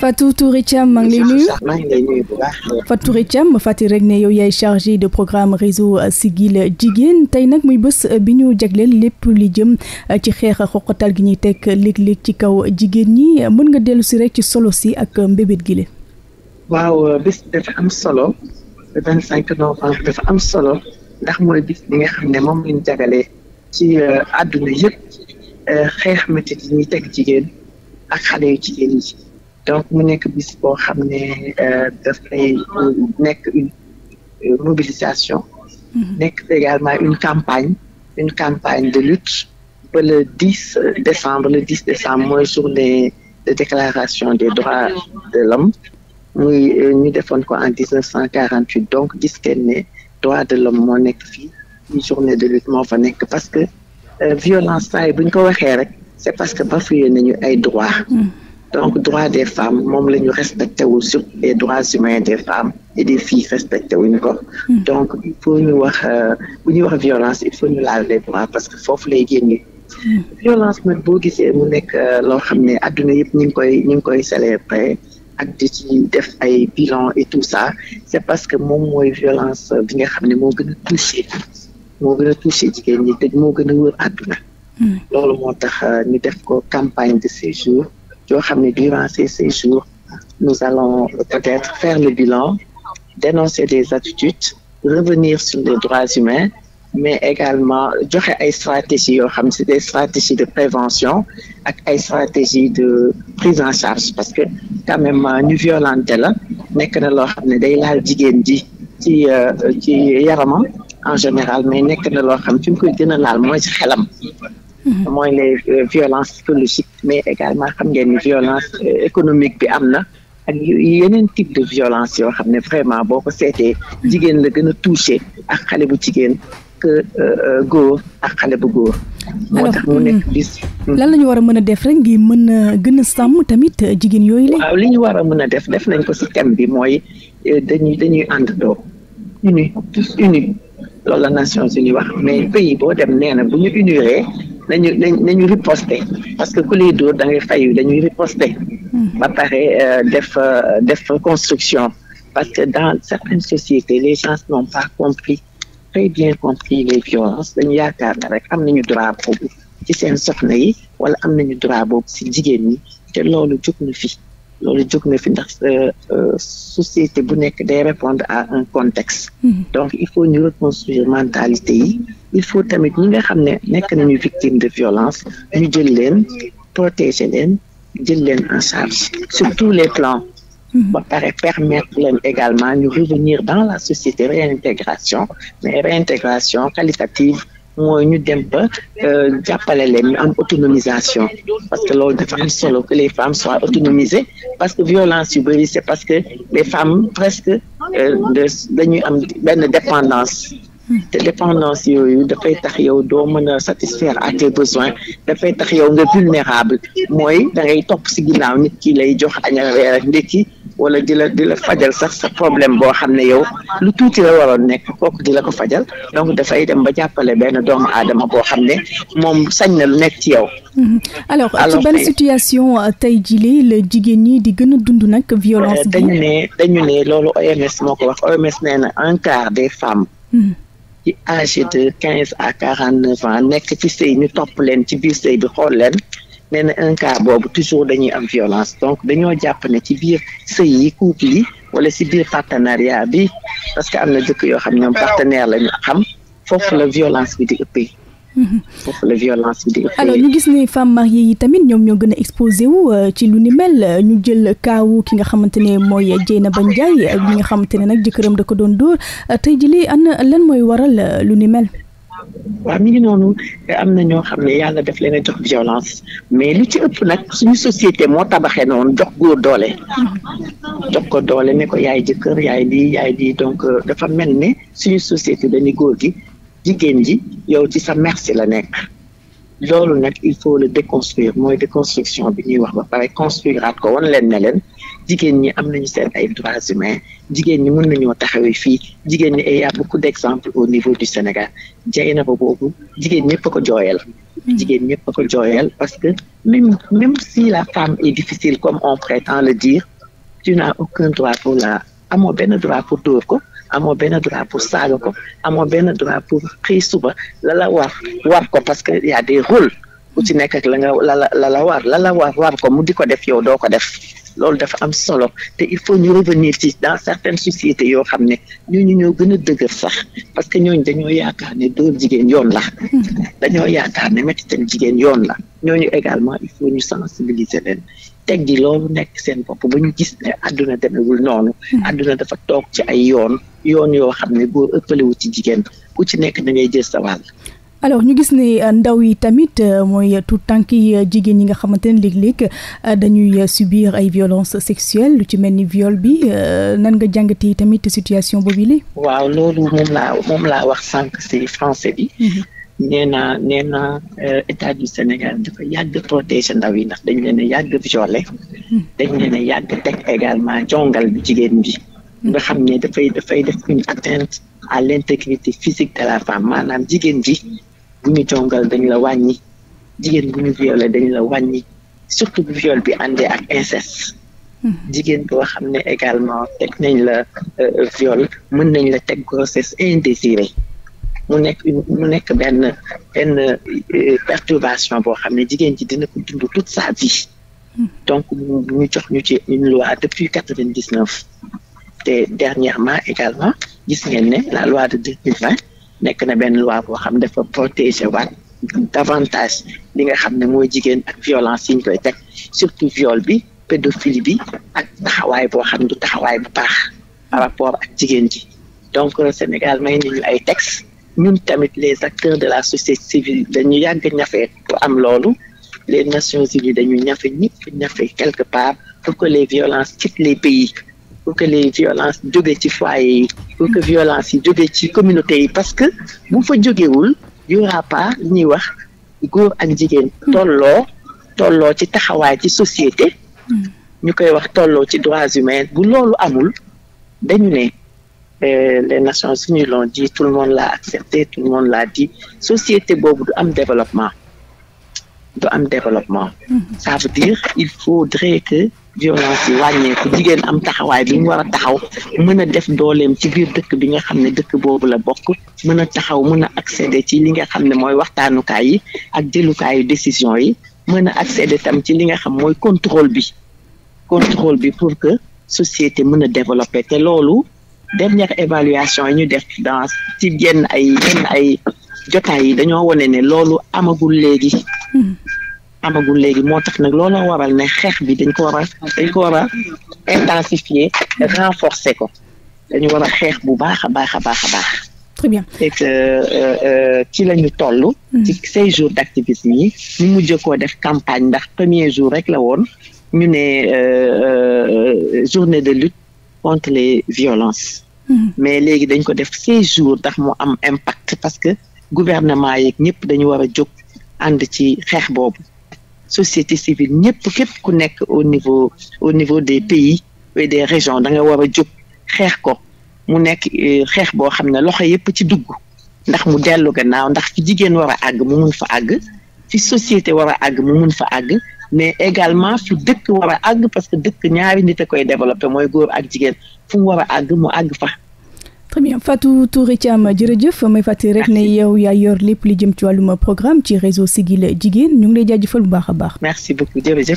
Fatou Touré Thiam maa ngi lay nuyu fàttali rek ne yow yaay chargé de programme réseau Siggil Jigéen tey nag muy bés bi ñu jagleel lépp li jëm ci xeex xoqatal gi ñuy teg léeg-léeg ci kaw jigéen ñi mën nga dellu si rek ci solo si ak mbébét gi la. waaw bis dafa am solo le vingt cinq novembre dafa am solo ndax mooy bis bi nga xam ne moom lañ jagalee ci euh, àdduna yëpp euh, xeex métit yi ñuy teg jigéen ak xale yu jigéen yi. donc mu nekk bis boo xam ne euh, dafay euh, nekk une euh, mobilisation mm-hmm. nekk également une campagne campagne de lutte ba le 10 décembre le 10 décembre mooy journée de déclaration des droits de l'homme muy ñu defoon ko en cent 1948 donc gis ngeen ne droit de l'homme moo nekk fii u journée de lutte moo fa nekk parce que violence saa yi bu ñu ko waxee rek c'est parce que bafoué nañu ay droits mm-hmm. donc droit des femmes moom la ñu respecté wul surtout les droits humains des femmes et des filles respecté wuñu ko hmm. donc il ñu wax euh, bu ñuy wax violence il faut ñu laal les droits parce que foofu lay génne hmm. violence nag boo gisee mu nekk euh, loo xam ne adduna yëpp ñu ngi koy ñu ngi koy célébrer ak di ci def ay bilan et tout ça c'est parce que moom mooy violence bi nga xam ne moo gën a touché moo gën a jigéen ñi te moo gën a wër adduna hmm. loolu moo tax euh, ñu def ko campagne de séjour yoo xam ne durant ces six jours nous allons peut-être faire le bilan dénoncer des attitudes revenir sur les droits humains mais également joxe ay stratégies yoo xam ne des stratégies de prévention ak ay stratégies de prise en charge parce que quand même euh, ñu violenté la nekk na loo xam ne day laal jigéen ji ci euh, ci yaramam en général mais nekk na loo xam fi mu koy gën a laal mooy ci xelam Mm-hmm. mooy les euh, violences psychologiques mais également xam ngeen ni violence euh, économique bi am na ak yeneen type de violence yoo xam ne vraiment boo ko seetee jigéen la gën a touché ak xale bu jigéen que euh, góor ak xale bu góor moo tax mu mm. lan la war a mën a def rek ngi mën a gën a sàmm tamit jigéen yooyu la waaw li ñu war a mën a def def nañ ko ci bi mooy dañuy dañuy ànd doo unis tous unis loolu la Nations Unies wax mais pays boo dem neena bu ñu uniree nañu nañu riposter parce que ku lay dóor da ngay fayu dañuy riposter mm-hmm. ba pare euh, def euh, def construction parce que dans certaines sociétés les gens n'ont pas compris très bien compris les violences dañu yaakaar na rek am nañu droit boobu ci seen soxna yi wala am nañu droit boobu si jigéen ñi te loolu jóg na fi loolu jóg na fi ndax euh, euh, société bu nekk day répondre à un contexte hmm. donc il faut ñu reconstruire mentalité yi il faut tamit ñi nga xam ne nekk nañu victime de violence ñu jël leen protéger leen jël leen en charge sur tous les plans hmm. ba pare permettre leen également ñu revenir dans la société réintégration mais réintégration qualitative mooy ñu dem ba euh, jàppale leen am autonomisation parce que loolu dafa am solo que les femmes soient autonomisées parce que violence yu bëri c'est parce que les femmes presque euh, dañuy am benn dépendance te dépendance yooyu dafay tax yow doo mën a satisfaire à tes besoins dafay tax yow nga vulnérable mooy da ngay topp si ginnaaw nit ki lay jox añal reer ak wala di la di la fajal sax sa problème boo xam ne yow lu tuuti la waroon nekk kooku di la ko fajal donc dafay dem ba jàppale benn doomu aadama boo xam ne moom sañ na lu nekk ci yow. Mhm. alors ci ban situation euh, tey jii la jigéen ñi di gën a dund nag violence bi. dañu ne dañu ne loolu OMS moo ko wax OMS nee na un quart des femmes. Mhm. ci âgé de quinze à quarante neuf nekk ci sëy ñu topp leen ci biir sëy bi xool leen. nee na un cas boobu toujours dañuy am violence donc dañoo jàpp ci biir sëy yi couple yi wala si biir partenariat bi parce que am na dëkk yoo xam ñoom partenaire lañu xam mhm. foofu la violence bi di ëppee. foofu la violence alors ñu gis ne femmes mariées yi tamit ñoom ñoo gën a exposé wu euh, ci lu ni mel ñu jël kaawu ki nga xamante ne mooy Dieynaba Ndiaye ak euh, ñi nga xamante ne nag jëkkëram da ko doon dóor euh, tey jii lii ana lan mooy waral lu ni mel. waaw mi ngi noonu am na ñoo xam ne yàlla def leen a jox violence mais lu ci ëpp nag suñu société moo tabaxee noonu jox góor doole jox ko doole ne ko yaay jëkkër yaay di yaay di donc euh, dafa mel ne suñu société dañu góor gi jigéen ji yow ci sa merci la nekk loolu nag il faut le déconstruire mooy déconstruction bi ñuy wax ba pare construiraat ko wan leen neleen jigéen ñi am nañu seen ay droits humains jigéen ñi mën nañoo taxawee fii jigéen ñi et y a beaucoup exemple au niveau du Sénégal jege na ba boobu jigéen ñëpp a ko jooyal. Hmm. jigéen ñëpp a ko jooyal parce que même même si la femme est difficile comme on prétend le dire tu n'as aucun droit pour la amoo benn droit pour dóor ko amoo benn droit pour saaga ko amoo benn droit pour xëy suba la la war war ko parce que y a des rôles ku ci nekk la nga la la la war la la war war ko mu di ko def yow doo ko def. loolu dafa am solo te il faut ñu revenir ci dans certaines sociétés yoo xam ne ñooñu ñoo gën a dëgër sax parce que ñooñu dañoo yaakaar ne dóor jigéen yoon la hmm. dañoo yaakaar ne méttital jigéen yoon la ñooñu également il faut ñu sensibiliser leen teg di loolu nekk seen bopp ba ñu gis ne àdduna demewul noonu hmm. àdduna dafa toog ci ay yoon yoon yoo xam ne boo ëppalewu ci jigéen ku ci nekk da ngay jël sa wàll alors ñu gis ne euh, ndaw yi tamit euh, mooy tout tànk yi euh, jigéen ñi nga xamante ne léeg-léeg dañuy subir ay violences sexuelles lu ci mel ni viole bi nan nga yi tamit situation boobu li waaw loolu moom laa moom laa wax sànq si français bi. Mhm. nee naa nee naa état du Sénégal dafa yàgg protéger ndaw yi ndax dañ leen a yàgg violé. Mhm. dañ leen yàgg teg également jongal jigéen bi. Mhm. nga xam ne dafay dafay def une atteinte à l'intégrité physique de la femme maanaam jigéen bi. bu ñu jongal dañ la wàññi jigéen bu ñu violé dañ la wàññi surtout bu viol bi àndee ak inces mhm. jigéen boo xam ne également teg nañ la euh, viol mën nañ la teg grossesse indésirée mu nekk nekk benn benn euh, perturbation boo xam ne jigéen ci dina ko dund tout sa vie mhm. donc ñu jox ñu ci une loi depuis quatre vingt dix neuf te dernièrement également gis ngeen ne la loi de nekk na benn loi boo xam dafa protéger waat davantage li nga xam ne mooy jigéen ak violence yiñ koy teg surtout viol bi pédophilie bi ak taxawaay boo xam du taxawaay bu baax par rapport ak jigéen ji donc euh, Sénégal may nañu ay textes ñun tamit les acteurs de la société civile dañu yàgg ñafe pour am loolu les Nations Unies dañu ñafe ñëpp ñafe quelque part pour que les violences quittent les pays pour que les violences jóge ci foyer yi pour que violence yi jóge ci communauté yi parce que bu fa jógewul yu aura pas ñuy wax góor ak jigéen hmm. tolloo tolloo ci taxawaay ci société hmm. ñu koy wax tolloo ci droits humains bu loolu amul dañu ne euh, les nations unies l'ont dit tout le monde l'a accepté tout le monde l'a dit société boobu du am développement du am développement hmm. ça veut dire il faudrait que violence yi wàññeeku jigéen am taxawaay bi mu war a taxaw mën a def dooleem ci biir dëkk bi nga xam ne dëkk boobu la bokk mën a taxaw mën a ak accéder ci li nga xam ne mooy waxtaanukaay yi ak jëlukaayu décision yi mën a accéder tam ci li nga xam mooy contrôle bi contrôle bi pour que société mën a développer te loolu dernière évaluation yi ñu def dans ci yenn ay yenn ay jotaay yi dañoo wone ne loolu amagul léegi hmm. amagul léegi moo tax nag looloo waral ne xeex bi dañ ko war a dañ ko war a intensifier renforcer ko dañu war a xeex bu baax a baax a baax a baax. très bien et euh, euh, ci la ñu toll. Hmm. ci ces jours d' activisme ñu mujj koo def campagne ndax premier jour rek la woon ñu ne euh, journée de lutte contre les violences. Hmm. mais léegi dañ ko def ces jours ndax mu am impact parce que gouvernement yeeg ñëpp dañu war a jóg ànd ci xeex boobu. société civile ñëpp képp ku nekk au niveau au niveau des pays et des régions da nga war a jóg xeex ko mu nekk euh, xeex boo xam ne loxo yëpp ci dugg ndax mu dellu gannaaw ndax fi jigéen war a àgg mu mun fa àgg fi société war a àgg mu mun fa àgg mais également fi dëkk war àgg parce que dëkk ñaari nit a koy développé mooy góor ak jigéen fu mu war a àgg mu àgg fa très tu Fatou Touré Thiam jërëjëf may fàttali rek ne yow yaa yor lépp li jëm ci wàllum programme ci réseau Siggil Jigéen ñu ngi lay jaajëfal bu baax a baax. merci beaucoup